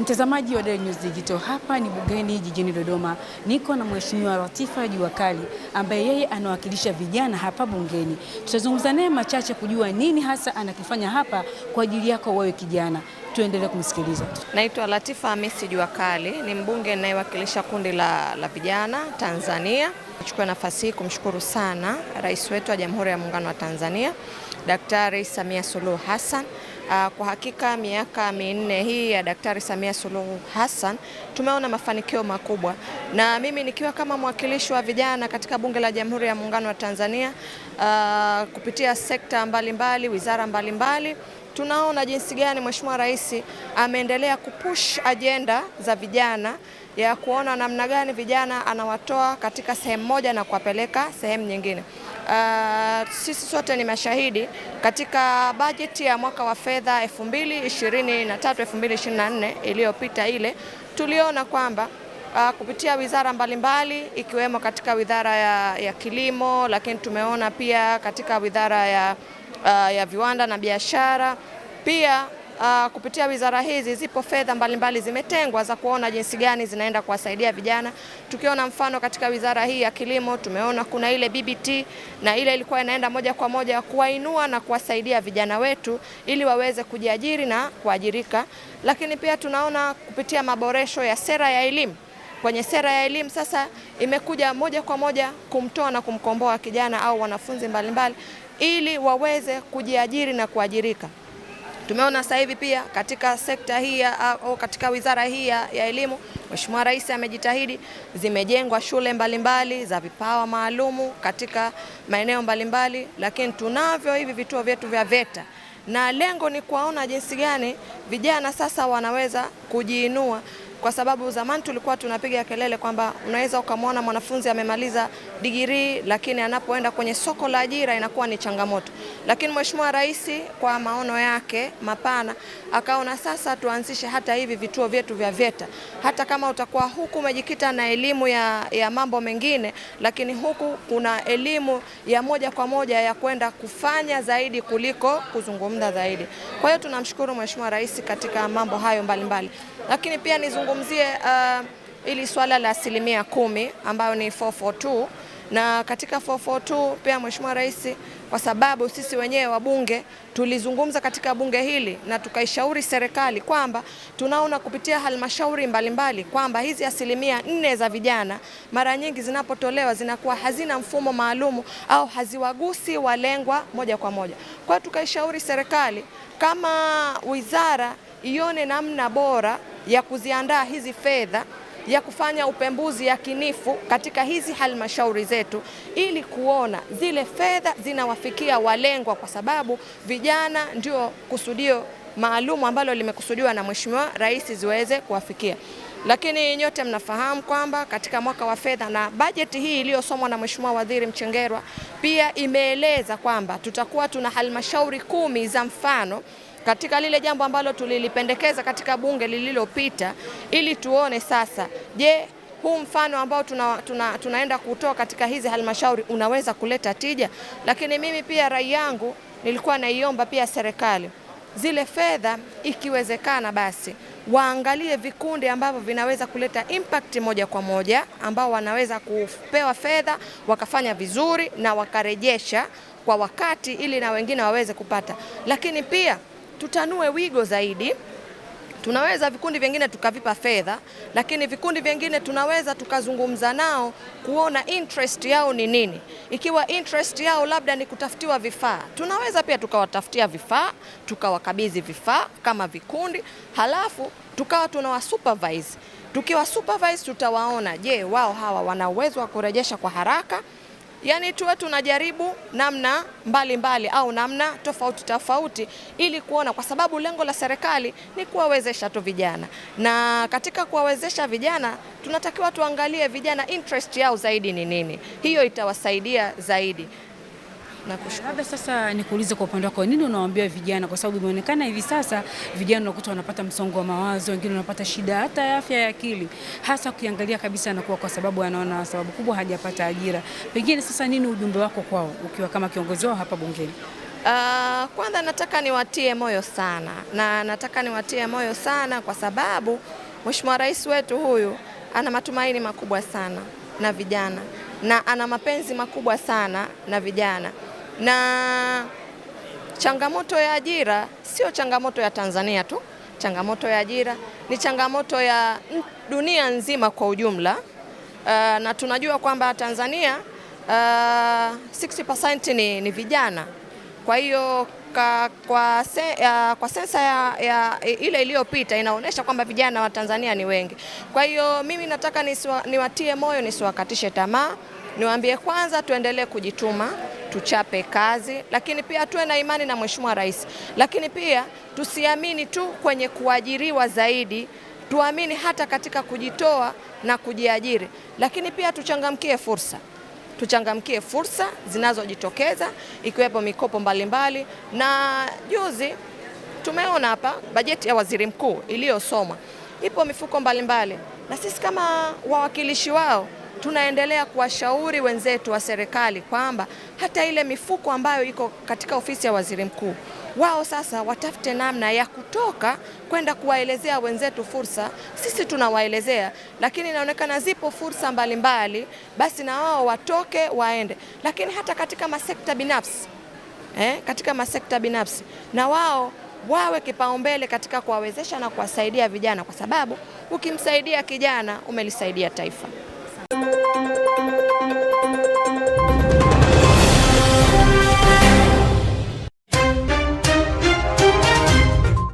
Mtazamaji wa Daily News Digital, hapa ni bungeni jijini Dodoma. Niko na Mheshimiwa Latifa Juakali ambaye yeye anawakilisha vijana hapa bungeni. Tutazungumza naye machache kujua nini hasa anakifanya hapa kwa ajili yako wewe kijana. Tuendelee kumsikiliza. Naitwa Latifa Hamisi Juakali, ni mbunge anayewakilisha kundi la, la vijana Tanzania. Nachukua nafasi hii kumshukuru sana Rais wetu wa Jamhuri ya Muungano wa Tanzania Daktari Samia Suluhu Hassan Ah, kwa hakika miaka minne hii ya Daktari Samia Suluhu Hassan tumeona mafanikio makubwa, na mimi nikiwa kama mwakilishi wa vijana katika Bunge la Jamhuri ya Muungano wa Tanzania uh, kupitia sekta mbalimbali mbali, wizara mbalimbali mbali, tunaona jinsi gani Mheshimiwa Rais ameendelea kupush ajenda za vijana ya kuona namna gani vijana anawatoa katika sehemu moja na kuwapeleka sehemu nyingine. Uh, sisi sote ni mashahidi katika bajeti ya mwaka wa fedha 2023 2024 iliyopita ile, tuliona kwamba uh, kupitia wizara mbalimbali ikiwemo katika wizara ya, ya kilimo, lakini tumeona pia katika wizara ya, uh, ya viwanda na biashara pia uh, kupitia wizara hizi zipo fedha mbalimbali zimetengwa za kuona jinsi gani zinaenda kuwasaidia vijana. Tukiona mfano katika wizara hii ya kilimo tumeona kuna ile BBT na ile ilikuwa inaenda moja kwa moja kuwainua na kuwasaidia vijana wetu ili waweze kujiajiri na kuajirika, lakini pia tunaona kupitia maboresho ya sera ya elimu kwenye sera ya elimu sasa imekuja moja kwa moja kumtoa na kumkomboa kijana au wanafunzi mbalimbali mbali, ili waweze kujiajiri na kuajirika. Tumeona sasa hivi pia katika sekta hii au katika wizara hii ya elimu, Mheshimiwa Rais amejitahidi, zimejengwa shule mbalimbali mbali, za vipawa maalumu katika maeneo mbalimbali, lakini tunavyo hivi vituo vyetu vya VETA na lengo ni kuwaona jinsi gani vijana sasa wanaweza kujiinua kwa sababu zamani tulikuwa tunapiga kelele kwamba unaweza ukamwona mwanafunzi amemaliza digirii lakini anapoenda kwenye soko la ajira inakuwa ni changamoto. Lakini Mheshimiwa Rais kwa maono yake mapana akaona sasa tuanzishe hata hivi vituo vyetu vya VETA, hata kama utakuwa huku umejikita na elimu ya, ya mambo mengine, lakini huku kuna elimu ya moja kwa moja ya kwenda kufanya zaidi kuliko kuzungumza zaidi. Kwa hiyo tunamshukuru Mheshimiwa Rais katika mambo hayo mbalimbali mbali. Lakini pia nizungu tuzungumzie uh, ili swala la asilimia kumi ambayo ni 442 na katika 442 pia Mheshimiwa Rais, kwa sababu sisi wenyewe wabunge tulizungumza katika bunge hili na tukaishauri serikali kwamba tunaona kupitia halmashauri mbalimbali kwamba hizi asilimia nne za vijana mara nyingi zinapotolewa zinakuwa hazina mfumo maalumu au haziwagusi walengwa moja kwa moja. Kwa hiyo tukaishauri serikali kama wizara ione namna bora ya kuziandaa hizi fedha ya kufanya upembuzi yakinifu katika hizi halmashauri zetu ili kuona zile fedha zinawafikia walengwa, kwa sababu vijana ndio kusudio maalum ambalo limekusudiwa na Mheshimiwa Rais ziweze kuwafikia. Lakini nyote mnafahamu kwamba katika mwaka wa fedha na bajeti hii iliyosomwa na Mheshimiwa Waziri Mchengerwa pia imeeleza kwamba tutakuwa tuna halmashauri kumi za mfano katika lile jambo ambalo tulilipendekeza katika bunge lililopita, ili tuone sasa, je, huu mfano ambao tuna, tuna, tunaenda kutoa katika hizi halmashauri unaweza kuleta tija. Lakini mimi pia rai yangu nilikuwa naiomba pia serikali zile fedha ikiwezekana basi waangalie vikundi ambavyo vinaweza kuleta impact moja kwa moja, ambao wanaweza kupewa fedha wakafanya vizuri na wakarejesha kwa wakati, ili na wengine waweze kupata, lakini pia tutanue wigo zaidi tunaweza vikundi vingine tukavipa fedha, lakini vikundi vingine tunaweza tukazungumza nao kuona interest yao ni nini. Ikiwa interest yao labda ni kutafutiwa vifaa, tunaweza pia tukawatafutia vifaa, tukawakabidhi vifaa kama vikundi, halafu tukawa tunawa supervise. Tukiwa supervise, tutawaona je, wao hawa wana uwezo wa kurejesha kwa haraka Yaani tuwe tunajaribu namna mbalimbali mbali, au namna tofauti tofauti ili kuona, kwa sababu lengo la serikali ni kuwawezesha tu vijana, na katika kuwawezesha vijana tunatakiwa tuangalie vijana interest yao zaidi ni nini, hiyo itawasaidia zaidi. Nakushukuru. Labda sasa nikuulize kwa upande wako, nini unawaambia vijana, kwa sababu imeonekana hivi sasa vijana unakuta wanapata msongo wa mawazo, wengine wanapata shida hata ya afya ya akili, hasa ukiangalia kabisa anakuwa kwa sababu anaona sababu kubwa hajapata ajira. Pengine sasa, nini ujumbe wako kwao ukiwa kama kiongozi wao hapa bungeni? Uh, kwanza nataka niwatie moyo sana na nataka niwatie moyo sana kwa sababu Mheshimiwa Rais wetu huyu ana matumaini makubwa sana na vijana na ana mapenzi makubwa sana na vijana na changamoto ya ajira sio changamoto ya Tanzania tu, changamoto ya ajira ni changamoto ya dunia nzima kwa ujumla. Uh, na tunajua kwamba Tanzania uh, eh, 60% ni, ni vijana. Kwa hiyo ka, kwa, se, uh, kwa sensa ya, ya ile iliyopita inaonyesha kwamba vijana wa Tanzania ni wengi. Kwa hiyo mimi nataka niwatie moyo nisiwakatishe tamaa. Niwaambie kwanza, tuendelee kujituma, tuchape kazi, lakini pia tuwe na imani na Mheshimiwa Rais, lakini pia tusiamini tu kwenye kuajiriwa zaidi tuamini hata katika kujitoa na kujiajiri, lakini pia tuchangamkie fursa, tuchangamkie fursa zinazojitokeza ikiwepo mikopo mbalimbali mbali. Na juzi tumeona hapa bajeti ya waziri mkuu iliyosomwa, ipo mifuko mbalimbali mbali. Na sisi kama wawakilishi wao tunaendelea kuwashauri wenzetu wa serikali kwamba hata ile mifuko ambayo iko katika ofisi ya waziri mkuu wao sasa watafute namna ya kutoka kwenda kuwaelezea wenzetu fursa. Sisi tunawaelezea, lakini inaonekana zipo fursa mbalimbali mbali, basi na wao watoke waende. Lakini hata katika masekta binafsi eh, katika masekta binafsi na wao wawe kipaumbele katika kuwawezesha na kuwasaidia vijana, kwa sababu ukimsaidia kijana umelisaidia taifa.